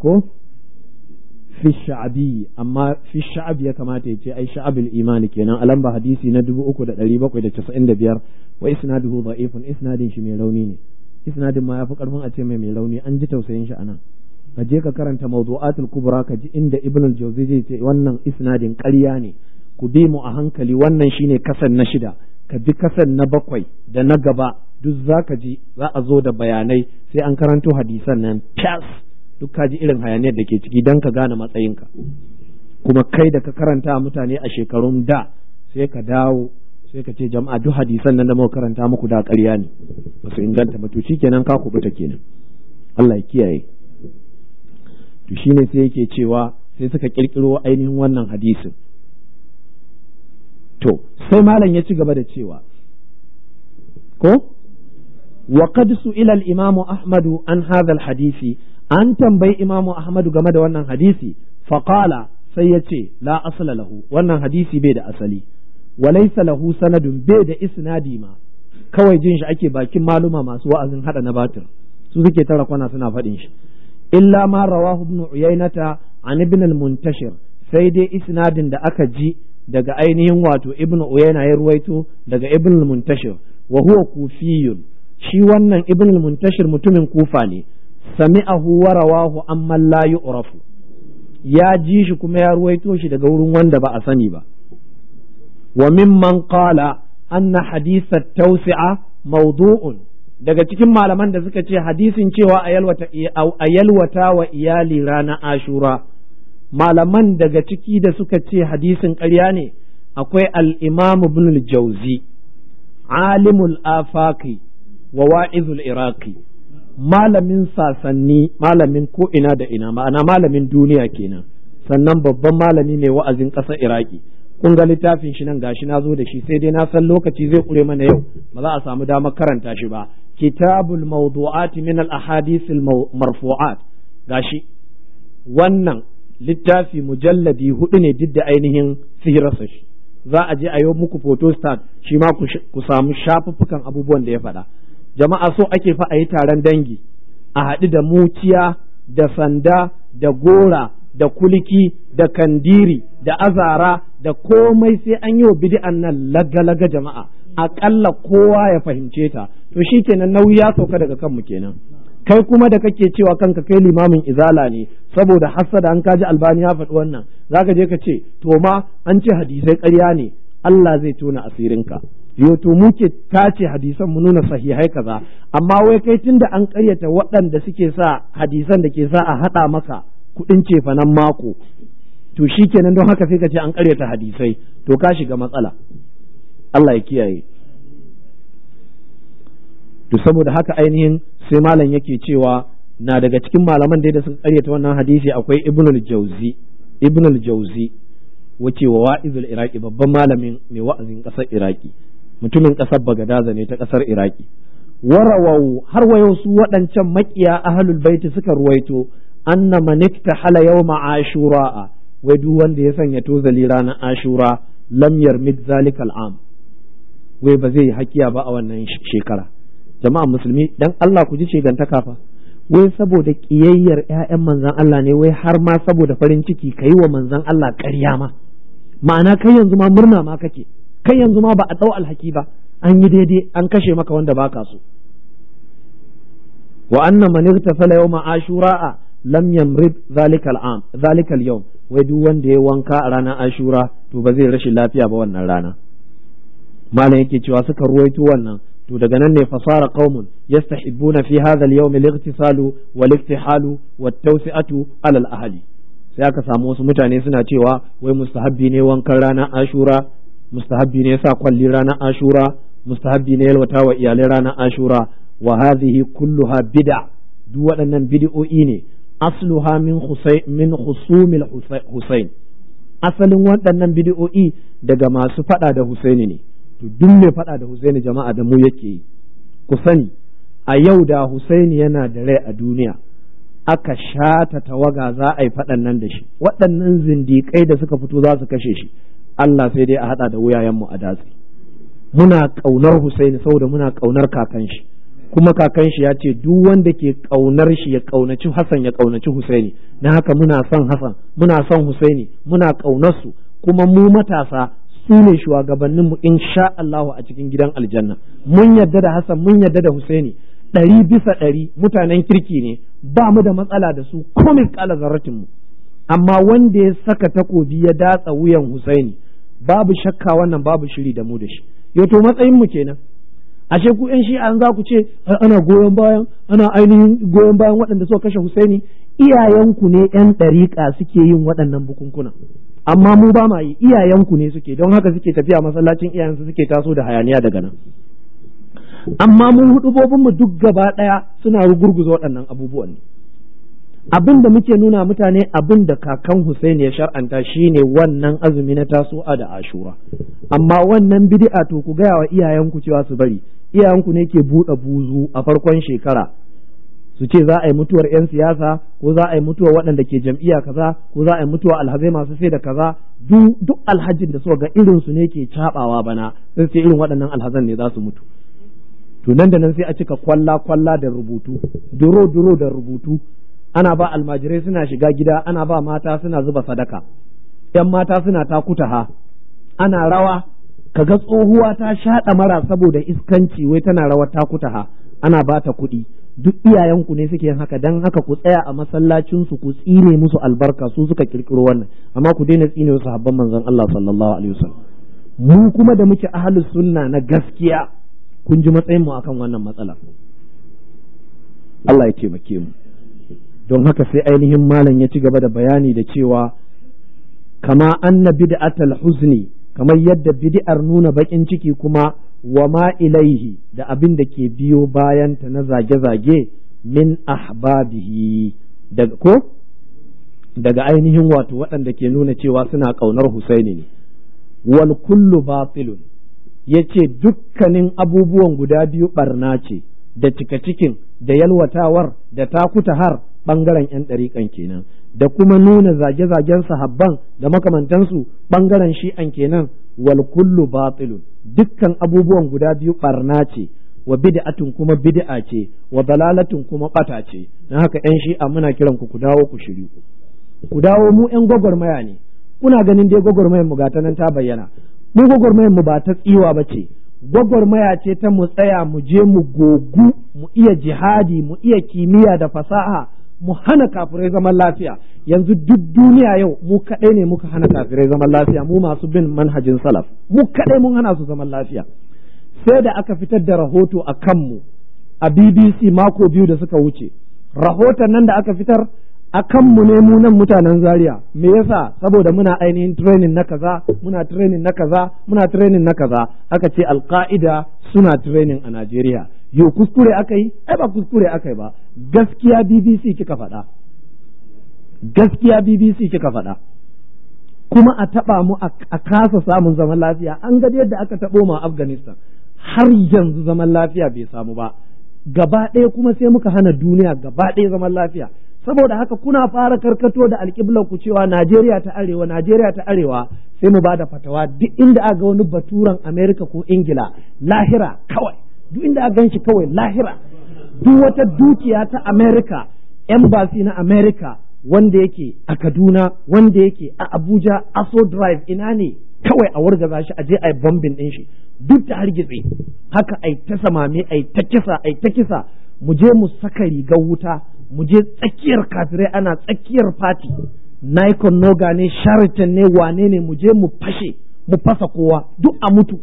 Speaker 1: ko fi sha'abi amma fi sha'ab ya kamata ya ce ai sha'abul imani kenan a lamba hadisi na 3795 wa isnaduhu da'ifun isnadin shi mai rauni ne isnadin ma yafi karfin a ce mai mai rauni an ji tausayin shi anan ka je ka karanta mawdu'atul kubra ka ji inda ibnu al-jawzi ce wannan isnadin ƙarya ne ku bi mu a hankali wannan shine kasan na shida ka bi kasan na bakwai da na gaba duk za ka ji za a zo da bayanai sai an karanto hadisan nan fas duk ka ji irin hayaniyar da ke ciki don ka gane matsayinka kuma kai da ka karanta mutane a shekarun da sai ka dawo sai ka ce jama'a duk hadisan nan da muka karanta muku da ƙarya ne ba su inganta ba to kenan ka kubuta kenan Allah ya kiyaye to shine sai yake cewa sai suka kirkiro ainihin wannan hadisin to sai malam ya ci gaba da cewa ko wa qad su'ila al-imam Ahmad an hadha al-hadisi an tambayi imam Ahmad game da wannan hadisi fa qala sai ya ce la asla lahu wannan hadisi bai da asali wa laysa lahu sanadun bai da isnadi ma kawai jin shi ake bakin maluma masu wa'azin hada na batir su suke tara kwana suna faɗin shi illa ma rawahu ibn uyainata an ibn al-muntashir sai dai isnadin da aka ji daga ainihin wato ibn uyayna ya ruwaito daga ibn al-muntashir wa huwa kufiyun shi wannan ibn al-muntashir mutumin kufa ne sami'ahu wa rawahu amma la yu'rafu ya ji shi kuma ya ruwaito shi daga wurin wanda ba a sani ba wa mimman qala anna hadith at-tawsi'a mawdu'un daga cikin malaman da suka ce hadisin cewa a yalwata wa iyali rana ashura malaman daga ciki da suka ce hadisin ƙarya ne akwai al-imam Jauzi, al-jawzi alimul afaqi wa wa'izul iraqi malamin sasanni malamin ko ina da ina ma'ana malamin duniya kenan sannan babban malami ne wa'azin ƙasar iraki kun ga littafin shi nan gashi na zo da shi sai dai na san lokaci zai kure mana yau ba za a samu dama karanta shi ba kitabul mawdu'ati min al ahadith al marfu'at gashi wannan littafi mujalladi hudu ne duk da ainihin sihirarsa shi za a je a yi muku photostat shi ma ku samu shafuffukan abubuwan da ya faɗa jama'a so ake fa a yi taron dangi a haɗu da muciya da sanda da gora da kuliki da kandiri da azara da komai sai an yi wa bid'an nan laga-laga jama'a aƙalla kowa ya fahimce ta to shi kenan nauyi ya sauka daga kanmu kenan kai kuma da kake cewa kanka kai limamin izala ne saboda hassada an kaji albani ya faɗi wannan zaka je ka ce to ma an ce hadisai karya ne Allah zai tona asirinka yo to muke tace hadisan mu nuna sahihai kaza amma wai kai tunda an ƙaryata waɗanda suke sa hadisan da ke sa a haɗa maka kuɗin cefanen mako to shi shikenan don haka sai ka ce an ƙaryata hadisai to ka shiga matsala Allah ya kiyaye to saboda haka ainihin sai malam yake cewa na daga cikin malaman da suka karyata wannan hadisi akwai ibn al-jawzi ibn al-jawzi wace wa wa'izul iraki babban malamin mai wa'azin kasar iraki mutumin kasar bagadaza ne ta kasar iraki warawau har wayau su waɗancan makiya ahlul baiti suka ruwaito anna manikta hala yawma ashura wai duk wanda ya sanya tozali ranar ashura lam yarmid zalikal am wai ba zai hakiya ba a wannan shekara jama'a musulmi dan Allah ku ji shegantaka fa wai saboda kiyayyar ƴaƴan manzan Allah ne wai har ma saboda farin ciki kai wa manzon Allah ƙarya ma ma'ana kai yanzu ma murna ma kake kai yanzu ma ba a dau alhaki ba an yi daidai an kashe maka wanda baka so wa anna man irtafala yawma ashura'a lam yamrid zalika al'am zalika al-yawm wai duk wanda ya wanka a ranar ashura to ba zai rashin lafiya ba wannan rana malam yake cewa suka ruwaito wannan to daga nan ne fasara qaumun yastahibbuna fi hadha al-yawm al-ightisalu wal-iftihalu wat-tawsi'atu 'ala al-ahli sai aka samu wasu mutane suna cewa wai mustahabbi ne wankan ranar ashura mustahabbi ne sa kwalli ranar ashura mustahabbi ne yalwata wa iyalai ranar ashura wa hadhihi kulluha bid'a duk waɗannan bid'o'i ne asluha min husayn min husumil husayn asalin waɗannan bid'o'i daga masu faɗa da husaini ne to duk mai faɗa da Husaini jama'a da mu yake yi ku sani a yau da Husaini yana da rai a duniya aka shata tawaga za a yi faɗan nan da shi waɗannan zindiƙai da suka fito za su kashe shi Allah sai dai a haɗa da wuyayen mu a datsi muna ƙaunar Husaini saboda muna ƙaunar kakan shi kuma kakan shi ya ce duk wanda ke ƙaunar shi ya ƙaunaci Hassan ya ƙaunaci Husaini na haka muna son Hassan muna son Husaini muna ƙaunar su kuma mu matasa su ne shugabannin mu sha Allah a cikin gidan aljanna mun yadda da Hassan mun yadda da Husaini ɗari bisa ɗari mutanen kirki ne ba mu da matsala da su komai kala zarratin mu amma wanda ya saka takobi ya datsa wuyan Husaini babu shakka wannan babu shiri da mu da shi yau to matsayin mu kenan ashe ku yan shi an za ku ce ana goyon bayan ana ainihin goyon bayan waɗanda suka kashe Husaini iyayenku ne yan ɗariƙa suke yin waɗannan bukunkuna amma mu ba ma yi iyayenku ne suke don haka suke tafiya masallacin iyayensu suke taso da hayaniya daga nan amma mun hudubobinmu duk gaba ɗaya suna rugurguza waɗannan abubuwan ne abin da muke nuna mutane abin da kakan Hussein ya shar'anta shine wannan azumi na tasu'a da ashura amma wannan bid'a to ku gaya wa iyayenku cewa su bari iyayenku ne ke buɗe buzu a farkon shekara su ce za a yi mutuwar 'yan siyasa ko za a yi mutuwar waɗanda ke jam'iyya kaza ko za a yi mutuwar alhazai masu sai da kaza duk alhajin da suka ga irin su ne ke cabawa bana sai sai irin waɗannan alhazan ne za su mutu to nan da nan sai a cika kwalla kwalla da rubutu duro duro da rubutu ana ba almajirai suna shiga gida ana ba mata suna zuba sadaka yan mata suna takuta ha ana rawa kaga tsohuwa ta shaɗa mara saboda iskanci wai tana rawar takuta ha ana ba ta kuɗi duk iyayenku ne suke haka dan haka ku tsaya a masallacinsu ku tsine musu albarka su suka kirkiro wannan amma ku daina tsine musu habban manzon Allah sallallahu alaihi wasallam mu kuma da muke ahlus sunna na gaskiya kun ji matsayin mu akan wannan matsala Allah ya taimake mu don haka sai ainihin malam ya ci gaba da bayani da cewa kama anna bid'atul huzni kamar yadda bid'ar nuna bakin ciki kuma wa ma ilaihi da abin da ke biyo bayanta na zage-zage min ahbabihi daga ko daga ainihin wato waɗanda ke nuna cewa suna ƙaunar Husaini ne wal kullu batilun ce dukkanin abubuwan guda biyu barna ce da cika cikin da yalwatawar da takuta har ɓangaren yan ɗariƙan kenan da kuma nuna zage-zagen sahabban da makamantansu bangaren shi'an kenan wal kullu batilun dukkan abubuwan guda biyu barna ce wa bid'atun kuma bid'a ce wa dalalatun kuma bata ce dan haka yan shi'a muna kiran ku ku dawo ku shiryu ku dawo mu yan gwagwarmaya ne kuna ganin dai gwagwarmayar mu gata nan ta bayyana mu gwagwarmayar mu ba ta tsiwa ba ce gwagwarmaya ce ta mu tsaya mu je mu gogu mu iya jihadi mu iya kimiyya da fasaha mu hana kafirai zaman lafiya yanzu duk duniya yau mu kaɗai ne muka hana kafirai zaman lafiya mu masu bin manhajin salaf mu kaɗai mun hana su zaman lafiya sai da aka fitar da rahoto a kanmu a BBC mako biyu da suka wuce rahoton nan da aka fitar a kanmu ne mu nan mutanen Zaria me yasa saboda muna ainihin training na kaza muna training na kaza muna training na kaza aka ce alqaida suna training a Najeriya yo kuskure aka yi ai ba kuskure aka yi ba gaskiya BBC kika faɗa gaskiya BBC kika faɗa kuma a taɓa mu a kasa samun zaman lafiya an ga yadda aka taɓo mu Afganistan, har yanzu zaman lafiya bai samu ba gaba ɗaya kuma sai muka hana duniya gaba ɗaya zaman lafiya saboda haka kuna fara karkato da alƙiblar ku cewa Najeriya ta arewa Najeriya ta arewa sai mu bada fatawa duk inda aka ga wani baturan Amerika ko Ingila lahira kawai duk inda aka ganshi kawai lahira duk wata dukiya ta America embassy na America wanda yake a Kaduna wanda yake a Abuja Aso Drive ina ne kawai a wargaza shi aje ai bombin din shi duk ta hargitse haka ai ta samame ai ta kisa ai ta kisa mu je mu saka rigar wuta mu je tsakiyar kafirai ana tsakiyar fati Nikon Noga ne sharitan ne wane ne mu je mu fashe mu fasa kowa duk a mutu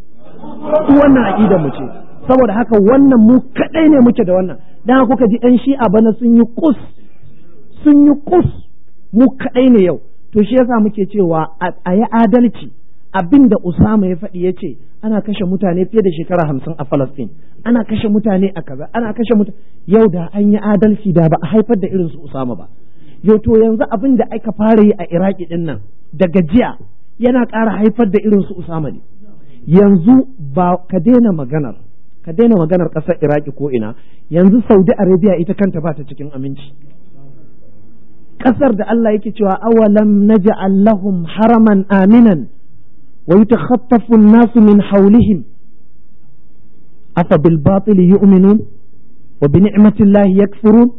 Speaker 1: duk wannan aqida mu ce saboda haka wannan mu kadai ne muke da wannan dan kuka ji ɗan shi'a bana sun yi kus sun yi kus mu kadai ne yau to shi yasa muke cewa a yi adalci abinda Usama ya faɗi ya ce ana kashe mutane fiye da shekara hamsin a Falastin ana kashe mutane a kaza ana kashe mutane yau da an yi adalci da ba a haifar da irin su Usama ba yau to yanzu abin da aka fara yi a Iraki din nan da gajiya yana ƙara haifar da irin su Usama ne yanzu ba ka daina maganar ka daina maganar ƙasar iraki ko ina yanzu saudi arabia ita kanta ba ta cikin aminci ƙasar da allah yake cewa awalam naj'al Allahum haraman aminan wa yatakhaffafu nasu min haulihim, afa bil batili yu'minun wa bi ni'matillahi yakfurun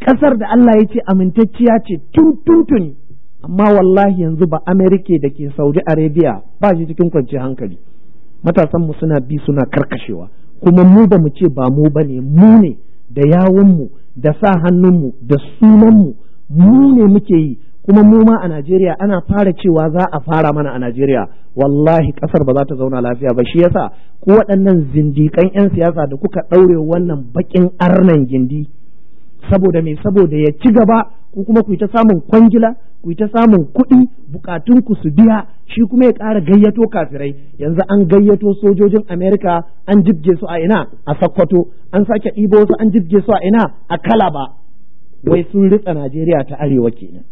Speaker 1: ƙasar da Allah ya ce amintacciya ce tun tuntuni amma wallahi yanzu ba Amerika da ke Saudi Arabia ba shi cikin kwanciyar hankali matasan mu suna bi suna karkashewa kuma mu ba mu ce ba mu bane mu ne da yawun mu da sa hannun mu da sunanmu mu mu ne muke yi kuma mu ma a Najeriya ana fara cewa za a fara mana a Najeriya wallahi kasar ba za ta zauna lafiya ba shi yasa ku waɗannan zindikan 'yan siyasa da kuka ɗaure wannan baƙin arnan gindi saboda me saboda ya ci gaba ku kuma ku ta samun kwangila ku ta samun kuɗi bukatun ku su biya shi kuma ya ƙara gayyato kafirai yanzu an gayyato sojojin Amerika an jibge su a ina a Sokoto an sake ɗibo su an jibge su a ina a Kalaba wai sun ritsa Najeriya ta arewa kenan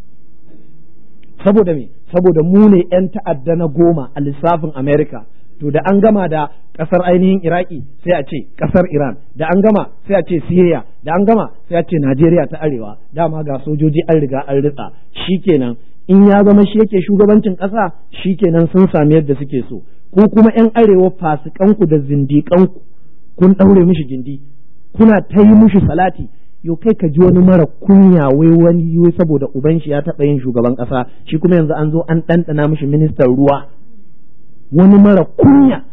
Speaker 1: saboda me saboda mu ne 'yan ta'adda na goma a lissafin Amerika to da an gama da kasar ainihin iraki sai a ce kasar iran da an gama sai a ce Siriya, da an gama sai a ce najeriya ta arewa dama ga sojoji an riga an ritsa shikenan in ya zama shi yake shugabancin ƙasa kenan sun sami yadda suke so ko kuma yan arewa fasikanku da zindikanku kun ɗaure mishi gindi kuna ta yi mishi salati yau kai ka ji wani mara kunya wai wani yi saboda uban shi ya taɓa yin shugaban ƙasa shi kuma yanzu an zo an ɗanɗana mishi ministan ruwa wani mara kunya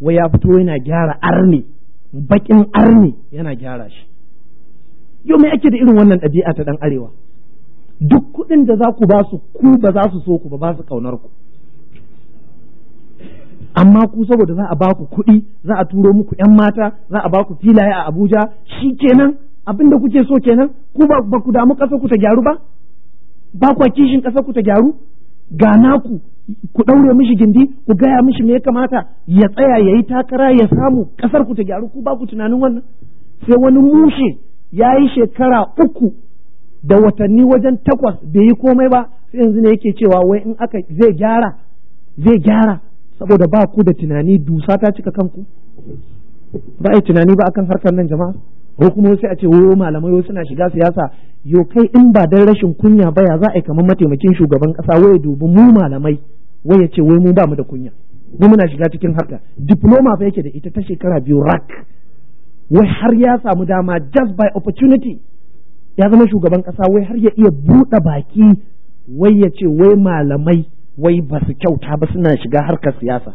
Speaker 1: wai ya fito yana gyara arni bakin arni yana gyara shi yau mai ake da irin wannan ɗabi'a ta ɗan arewa duk kuɗin da za ku ba su ku ba za su so ku ba ba su ƙaunar ku amma ku saboda za a ba ku kuɗi za a turo muku ƴan mata za a ba ku filaye a abuja shi kenan abin da kuke so kenan ku ba ku damu ƙasar ku ta gyaru ba ba kishin ƙasar ku ta gyaru ga naku ku ɗaure mishi gindi ku gaya mishi me ya kamata ya tsaya ya yi takara ya samu ƙasar ku ta gyaru ku ba ku tunanin wannan sai wani mushe ya yi shekara uku da watanni wajen takwas bai yi komai ba sai yanzu ne yake cewa wai in aka zai gyara zai gyara saboda ba ku da tunani dusa ta cika kanku ba a yi tunani ba akan harkar nan jama'a ko kuma sai a ce wo malamai suna shiga siyasa yo kai in ba dan rashin kunya ba ya za a yi kamar mataimakin shugaban kasa Wai dubu mu malamai wai ya ce wai mu ba mu da kunya mu muna shiga cikin harka diploma fa yake da ita ta shekara biyu rak wai har ya samu dama just by opportunity ya zama shugaban kasa wai har ya iya buɗe baki wai ya ce wai malamai wai ba su kyauta ba suna shiga harkar siyasa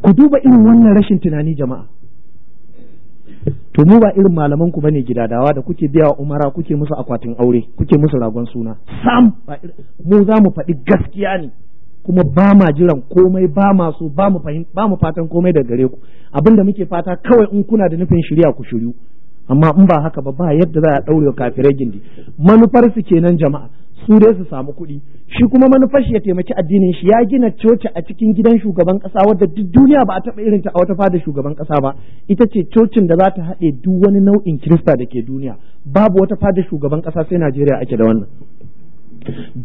Speaker 1: ku duba irin wannan rashin tunani jama'a to mu ba irin malaman ku bane gidadawa da kuke biya wa umara kuke musu akwatin aure kuke musu ragon suna sam mu za mu faɗi gaskiya ne kuma ba ma jiran komai ba ma so ba mu fahim ba mu fatan komai daga gare ku abinda muke fata kawai in kuna da nufin shirya ku shiryu amma in ba haka ba ba yadda za a ɗaure kafirai gindi manufar su kenan jama'a su dai su samu kuɗi shi kuma manufashi ya taimaki addinin shi ya gina coci a cikin gidan shugaban kasa wadda duk duniya ba a taɓa irin ta a wata fada shugaban kasa ba ita ce cocin da za ta haɗe duk wani nau'in kirista da ke duniya babu wata fada shugaban kasa sai Najeriya ake da wannan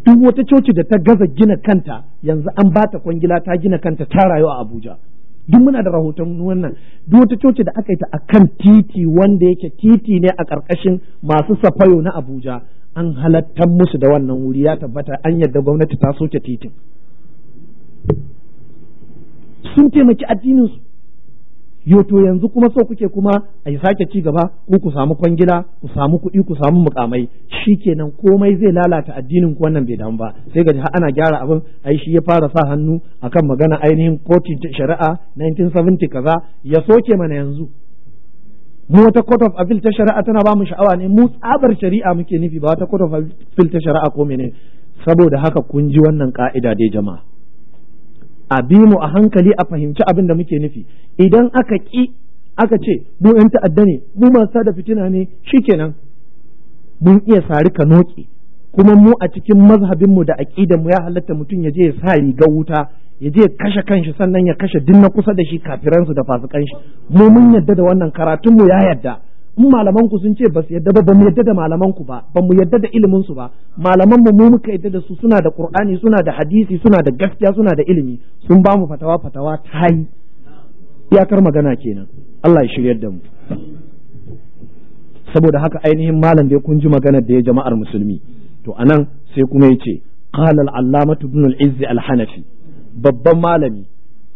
Speaker 1: duk wata coci da ta gaza gina kanta yanzu an ba ta kwangila ta gina kanta ta rayu a Abuja duk muna da rahoton wannan duk wata coci da aka yi ta akan titi wanda yake titi ne a ƙarƙashin masu safayo na Abuja an halatta musu da wannan wuri ya tabbata an yadda gwamnati ta soke titin sun taimaki addininsu yoto yanzu kuma so kuke kuma a yi sake ci gaba ku ku samu kwangila ku samu kuɗi ku samu mukamai shikenan komai zai lalata addinin ku wannan bai damu ba sai ga ana gyara abin ai shi ya fara sa hannu akan magana ainihin kotun shari'a 1970 kaza ya soke mana yanzu mu wata court of appeal ta shari'a tana ba mu sha'awa ne mu tsabar shari'a muke nufi ba wata court of appeal ta shari'a ko mene saboda haka kun ji wannan ka'ida dai jama'a a bi mu a hankali a fahimci abin da muke nufi idan aka ki aka ce mu yan ta'adda ne mu masu da fitina ne shi shikenan mun iya sari ka noki kuma mu a cikin mazhabinmu da aƙidanmu ya halatta mutum ya je ya sa riga wuta ya je ya kashe kanshi sannan ya kashe na kusa da shi kafiransu da fasikan shi mu mun yadda da wannan karatun mu ya yadda in malaman ku sun ce ba su yadda ba ba mu yadda da malaman ku ba ba mu yadda da ilimin su ba malaman mu mu muka yadda da su suna da qur'ani suna da hadisi suna da gaskiya suna da ilimi sun ba mu fatawa fatawa ta yi iyakar magana kenan Allah ya shiryar da mu saboda haka ainihin malam dai kun ji maganar da ya jama'ar musulmi to anan sai kuma ya ce qala al-allamatu ibn al-izz al-hanafi babban malami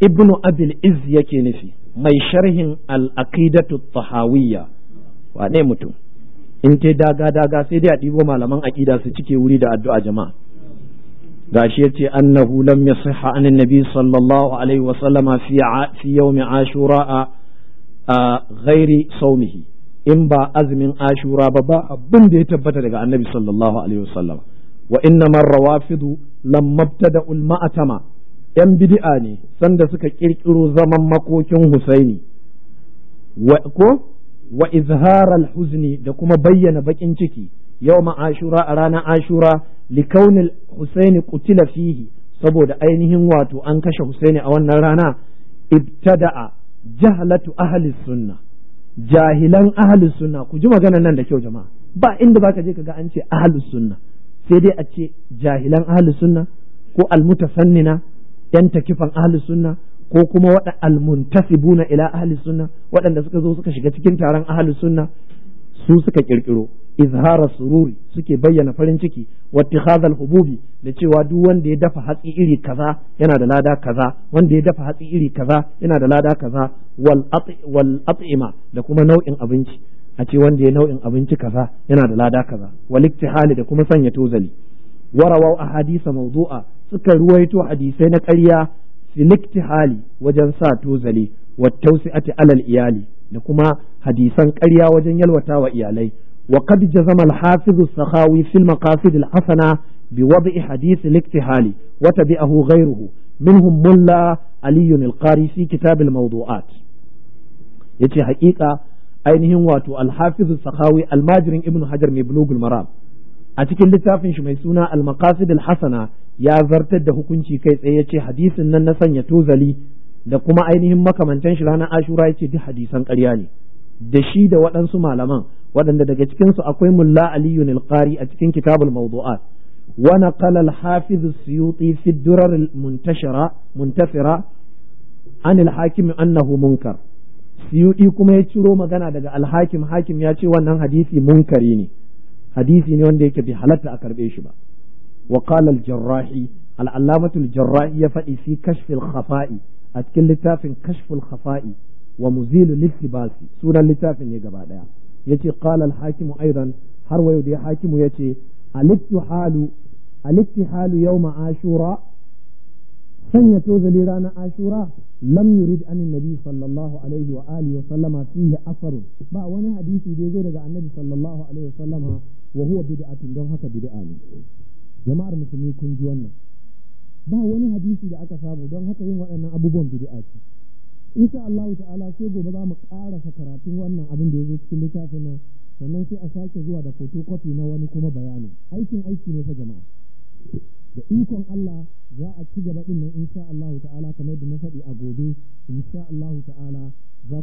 Speaker 1: ibnu abil izz yake nufi mai sharhin al-aqidatu tahawiyya wane mutum in ta daga daga sai dai a ɗibo malaman aƙida su cike wuri da addu'a jama'a gashi yace annahu lam yasihha an annabi sallallahu alaihi wa sallama fi fi yawmi ashura ghairi sawmihi in ba azumin ashura ba ba abin da ya tabbata daga annabi sallallahu alaihi wasallam wa inna man rawafidu lam mabtada ul ma'atama yan bid'a ne sanda suka kirkiro zaman makokin husaini wa ko wa izhar al huzni da kuma bayyana bakin ciki yawma ashura a ranar ashura li kaunil husaini qutila fihi saboda ainihin wato an kashe husaini a wannan rana ibtada'a jahlatu ahli sunnah jahilan ahlus sunna ku ji maganar nan da kyau jama'a ba inda zaka je kaga an ce ahlus sunna sai dai a ce jahilan ahlus sunna ko almutasannina yan takifan ahlus sunna ko kuma wada almuntasibuna ila ahlus sunna waɗanda suka zo suka shiga cikin taron ahlus sunna su suka kirkiro izhara sururi suke bayyana farin ciki wattikhadhal hububi da cewa duk wanda ya dafa hatsi iri kaza yana da lada kaza wanda ya dafa hatsi iri kaza yana da lada kaza wal wal at'ima da kuma nau'in abinci a ce wanda ya nau'in abinci kaza yana da lada kaza wal iktihali da kuma sanya tozali warawa ahadisa mawdu'a suka ruwaito hadisai na ƙarya fil iktihali wajen sa tozali wa tawsi'ati alal iyali da kuma hadisan ƙarya wajen yalwata wa iyalai وقد جزم الحافظ السخاوي في المقاصد الحسنة بوضع حديث الاكتحال وتبعه غيره منهم ملا علي القاري في كتاب الموضوعات يتي حقيقة ainihin wato alhafizu sakawi almajirin ibnu hajar mai bulugul maram a cikin littafin shi mai suna almaqasid alhasana ya zartar da hukunci kai tsaye ce hadisin nan na sanya tozali da kuma ainihin makamantan shi ranar ashura yace duk hadisan ƙarya ne da shi da waɗansu malaman waɗanda daga cikinsu akwai mulla aliyu nilqari a cikin kitabul mawdu'at wa naqala al-hafiz as-suyuti fi durar al-muntashira muntasira an al-hakim annahu munkar suyuti kuma ya ciro magana daga al-hakim hakim ya ce wannan hadisi munkari ne hadisi ne wanda yake bi halatta a karbe shi ba wa qala al-jarrahi al-allamatu al-jarrahi ya faɗi fi kashf al-khafa'i a cikin littafin kashf al-khafa'i wa muzil al-libasi sunan littafin ne gaba daya yace qala al-hakim aidan har wayo da hakimu yace ce ittihalu al-ittihalu yawm ashura sanya tozali ranar ashura lam yurid an nabi sallallahu alaihi wa alihi wa sallama fihi ba wani hadisi da yazo daga annabi sallallahu alaihi wa sallama wa huwa bid'atun don haka bid'a ne jama'ar musulmi kun ji wannan ba wani hadisi da aka samu don haka yin waɗannan abubuwan bid'a ce insha Allah ta'ala sai gobe za mu ƙara karatun wannan abin da ya zo cikin littafin nan sannan sai a sake zuwa da photocopy na wani kuma bayani aikin aiki ne fa jama'a da ikon Allah za a ci gaba din nan insha Allah ta'ala kamar da na faɗi a gobe insha Allah ta'ala za